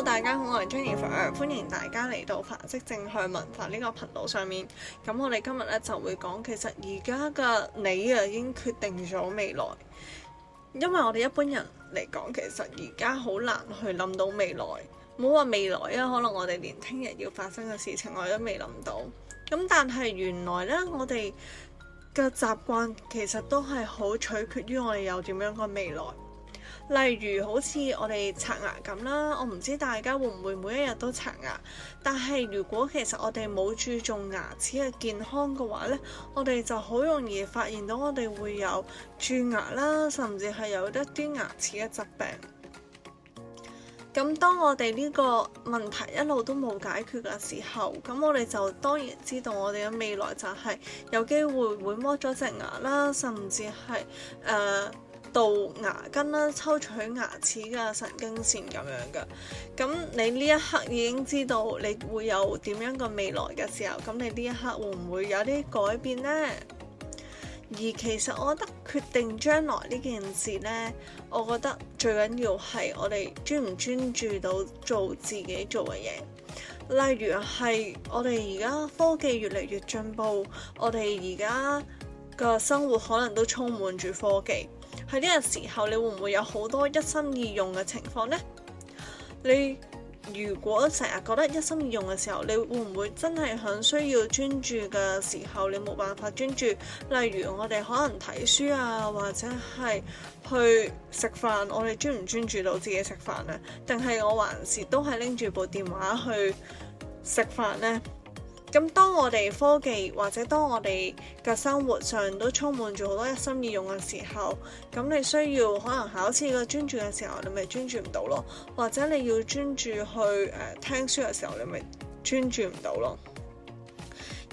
Hello，大家好，我係 Jennifer，、oh. 歡迎大家嚟到凡式正向文化呢、這個頻道上面。咁我哋今日咧就會講，其實而家嘅你啊，已經決定咗未來。因為我哋一般人嚟講，其實而家好難去諗到未來。唔好話未來啊，可能我哋連聽日要發生嘅事情我都未諗到。咁但係原來呢，我哋嘅習慣其實都係好取決於我哋有點樣嘅未來。例如好似我哋刷牙咁啦，我唔知大家會唔會每一日都刷牙。但係如果其實我哋冇注重牙齒嘅健康嘅話呢，我哋就好容易發現到我哋會有蛀牙啦，甚至係有一啲牙齒嘅疾病。咁當我哋呢個問題一路都冇解決嘅時候，咁我哋就當然知道我哋嘅未來就係有機會會剝咗隻牙啦，甚至係誒。呃到牙根啦，抽取牙齒嘅神經線咁樣嘅。咁你呢一刻已經知道你會有點樣嘅未來嘅時候，咁你呢一刻會唔會有啲改變呢？而其實我覺得決定將來呢件事呢，我覺得最緊要係我哋專唔專注到做自己做嘅嘢。例如係我哋而家科技越嚟越進步，我哋而家個生活可能都充滿住科技。喺呢個時候，你會唔會有好多一心二用嘅情況呢？你如果成日覺得一心二用嘅時候，你會唔會真係喺需要專注嘅時候，你冇辦法專注？例如我哋可能睇書啊，或者係去食飯，我哋專唔專注到自己食飯咧？定係我還是都係拎住部電話去食飯呢？咁當我哋科技或者當我哋嘅生活上都充滿住好多一心二用嘅時候，咁你需要可能考試嘅專注嘅時候，你咪專注唔到咯；或者你要專注去誒、呃、聽書嘅時候，你咪專注唔到咯。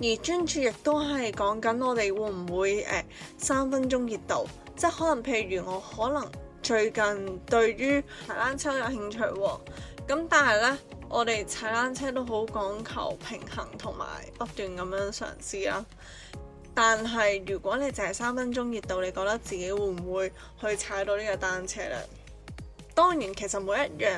而專注亦都係講緊我哋會唔會誒、呃、三分鐘熱度，即係可能譬如我可能最近對於排籃球有興趣喎。咁但係呢，我哋踩單車都好講求平衡同埋不斷咁樣嘗試啦。但係如果你淨係三分鐘熱度，你覺得自己會唔會去踩到呢個單車呢？當然，其實每一樣誒、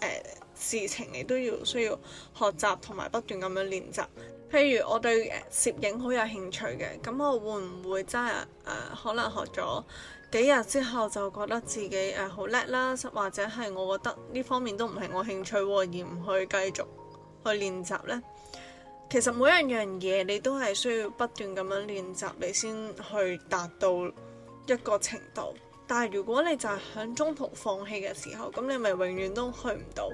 呃、事情你都要需要學習同埋不斷咁樣練習。譬如我對攝影好有興趣嘅，咁我會唔會真係、呃、可能學咗？幾日之後就覺得自己誒好叻啦，或者係我覺得呢方面都唔係我興趣，而唔去繼續去練習呢。其實每一樣嘢你都係需要不斷咁樣練習，你先去達到一個程度。但係如果你就係響中途放棄嘅時候，咁你咪永遠都去唔到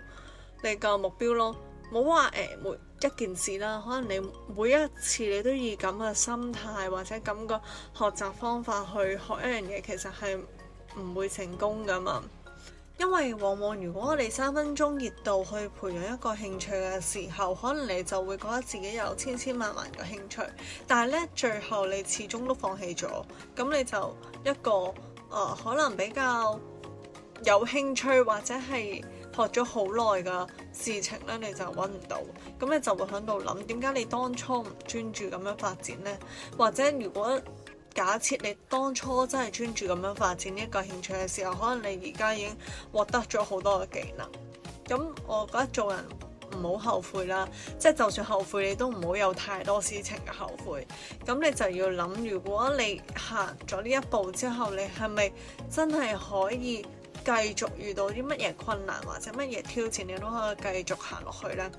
你個目標咯。冇話誒，每、欸、一件事啦，可能你每一次你都以咁嘅心態或者咁嘅學習方法去學一樣嘢，其實係唔會成功噶嘛。因為往往如果我哋三分鐘熱度去培養一個興趣嘅時候，可能你就會覺得自己有千千萬萬個興趣，但係呢，最後你始終都放棄咗，咁你就一個誒、呃，可能比較有興趣或者係學咗好耐嘅事情咧，你就揾唔到，咁你就會喺度諗點解你當初唔專注咁樣發展呢？或者如果假設你當初真係專注咁樣發展呢一個興趣嘅時候，可能你而家已經獲得咗好多嘅技能。咁我覺得做人唔好後悔啦，即係就算後悔，你都唔好有太多事情嘅後悔。咁你就要諗，如果你行咗呢一步之後，你係咪真係可以？繼續遇到啲乜嘢困難或者乜嘢挑戰，你都可以繼續行落去咧。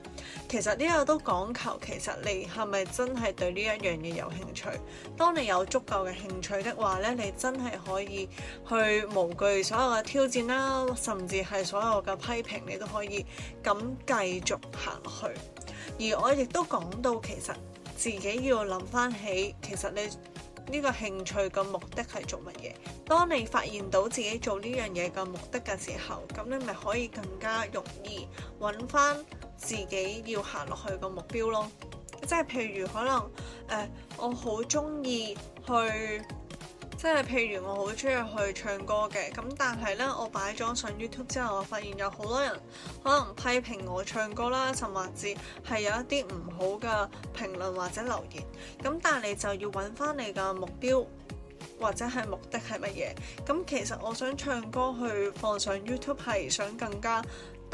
其實呢個都講求，其實你係咪真係對呢一樣嘢有興趣？當你有足夠嘅興趣的話咧，你真係可以去無懼所有嘅挑戰啦，甚至係所有嘅批評，你都可以咁繼續行落去。而我亦都講到，其實自己要諗返起，其實你。呢個興趣嘅目的係做乜嘢？當你發現到自己做呢樣嘢嘅目的嘅時候，咁你咪可以更加容易揾翻自己要行落去嘅目標咯。即係譬如可能誒、呃，我好中意去。即係譬如我好中意去唱歌嘅，咁但係呢，我擺咗上 YouTube 之後，我發現有好多人可能批評我唱歌啦，甚至係有一啲唔好嘅評論或者留言。咁但係你就要揾翻你嘅目標或者係目的係乜嘢？咁其實我想唱歌去放上 YouTube 係想更加。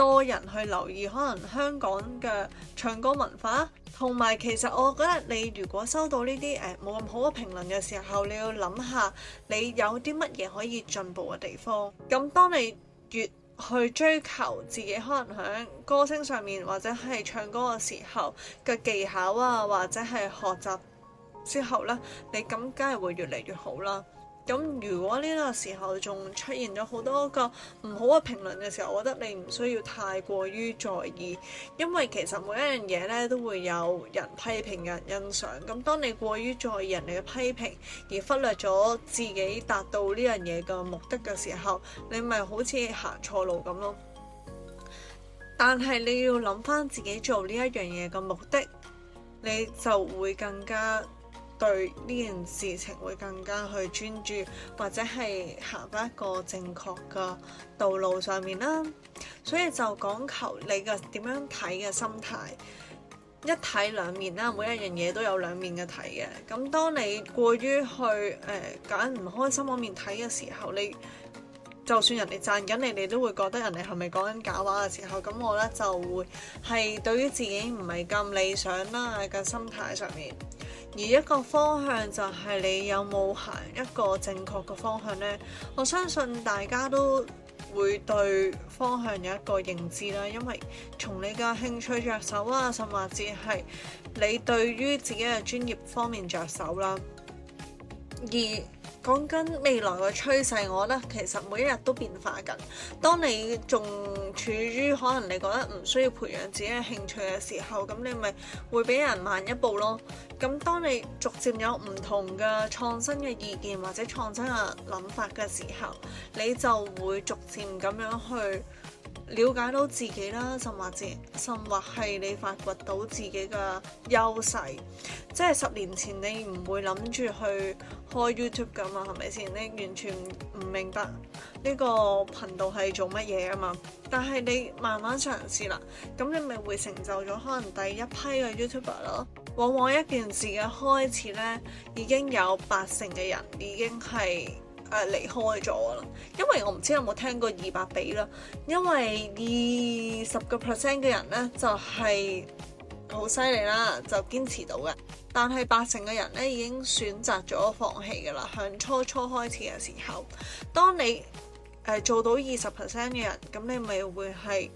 多人去留意可能香港嘅唱歌文化，同埋其實我覺得你如果收到呢啲誒冇咁好嘅評論嘅時候，你要諗下你有啲乜嘢可以進步嘅地方。咁當你越去追求自己可能響歌聲上面，或者係唱歌嘅時候嘅技巧啊，或者係學習之後咧，你咁梗係會越嚟越好啦。咁如果呢個時候仲出現咗好多個唔好嘅評論嘅時候，我覺得你唔需要太過於在意，因為其實每一樣嘢咧都會有人批評，有人欣賞。咁當你過於在意人哋嘅批評，而忽略咗自己達到呢樣嘢嘅目的嘅時候，你咪好似行錯路咁咯。但係你要諗返自己做呢一樣嘢嘅目的，你就會更加對呢件事情會更加去專注，或者係行一個正確嘅道路上面啦。所以就講求你嘅點樣睇嘅心態，一睇兩面啦。每一樣嘢都有兩面嘅睇嘅。咁當你過於去誒揀唔開心嗰面睇嘅時候，你就算人哋讚緊你，你都會覺得人哋係咪講緊假話嘅時候？咁我呢就會係對於自己唔係咁理想啦嘅心態上面。而一個方向就係你有冇行一個正確嘅方向呢？我相信大家都會對方向有一個認知啦，因為從你嘅興趣着手啊，甚至係你對於自己嘅專業方面着手啦。而講緊未來嘅趨勢，我覺得其實每一日都變化緊。當你仲處於可能你覺得唔需要培養自己嘅興趣嘅時候，咁你咪會俾人慢一步咯。咁當你逐漸有唔同嘅創新嘅意見或者創新嘅諗法嘅時候，你就會逐漸咁樣去了解到自己啦，甚至甚至係你發掘到自己嘅優勢。即係十年前你唔會諗住去開 YouTube 噶嘛，係咪先？你完全唔明白呢個頻道係做乜嘢啊嘛。但係你慢慢嘗試啦，咁你咪會成就咗可能第一批嘅 YouTuber 咯。往往一件事嘅開始咧，已經有八成嘅人已經係誒離開咗啦，因為我唔知有冇聽過二百比啦，因為二十個 percent 嘅人咧就係好犀利啦，就堅持到嘅，但係八成嘅人咧已經選擇咗放棄㗎啦。向初初開始嘅時候，當你誒、呃、做到二十 percent 嘅人，咁你咪會係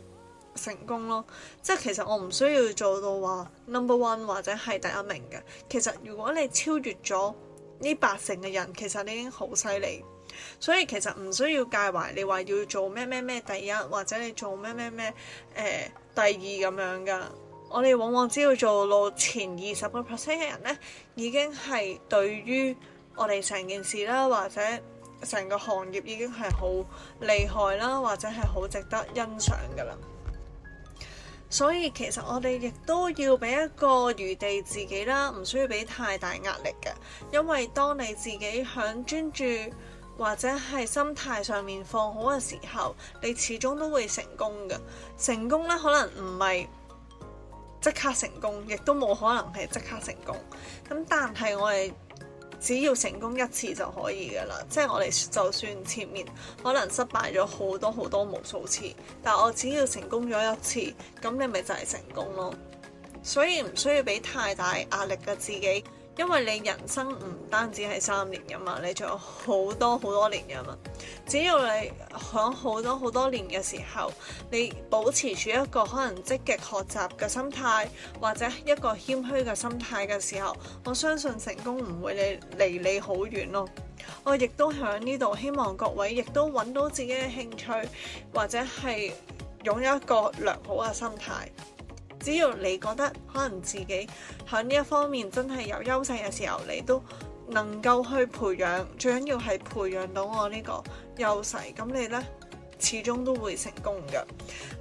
成功咯，即係其實我唔需要做到話 number one 或者係第一名嘅。其實如果你超越咗呢八成嘅人，其實你已經好犀利。所以其實唔需要介懷你話要做咩咩咩第一，或者你做咩咩咩誒第二咁樣噶。我哋往往只要做到前二十個 percent 嘅人咧，已經係對於我哋成件事啦，或者成個行業已經係好厲害啦，或者係好值得欣賞噶啦。所以其實我哋亦都要俾一個餘地自己啦，唔需要俾太大壓力嘅。因為當你自己響專注或者係心態上面放好嘅時候，你始終都會成功嘅。成功呢可能唔係即刻成功，亦都冇可能係即刻成功。咁但係我哋。只要成功一次就可以㗎喇，即係我哋就算前面可能失敗咗好多好多無數次，但我只要成功咗一次，咁你咪就係成功咯。所以唔需要俾太大壓力㗎自己。因為你人生唔單止係三年噶嘛，你仲有好多好多年噶嘛。只要你喺好多好多年嘅時候，你保持住一個可能積極學習嘅心態，或者一個謙虛嘅心態嘅時候，我相信成功唔會離你離你好遠咯。我亦都喺呢度希望各位亦都揾到自己嘅興趣，或者係擁有一個良好嘅心態。只要你覺得可能自己喺呢一方面真係有優勢嘅時候，你都能夠去培養，最緊要係培養到我呢個優勢，咁你呢始終都會成功嘅。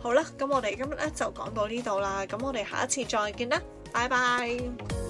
好啦，咁我哋今日呢就講到呢度啦，咁我哋下一次再見啦，拜拜。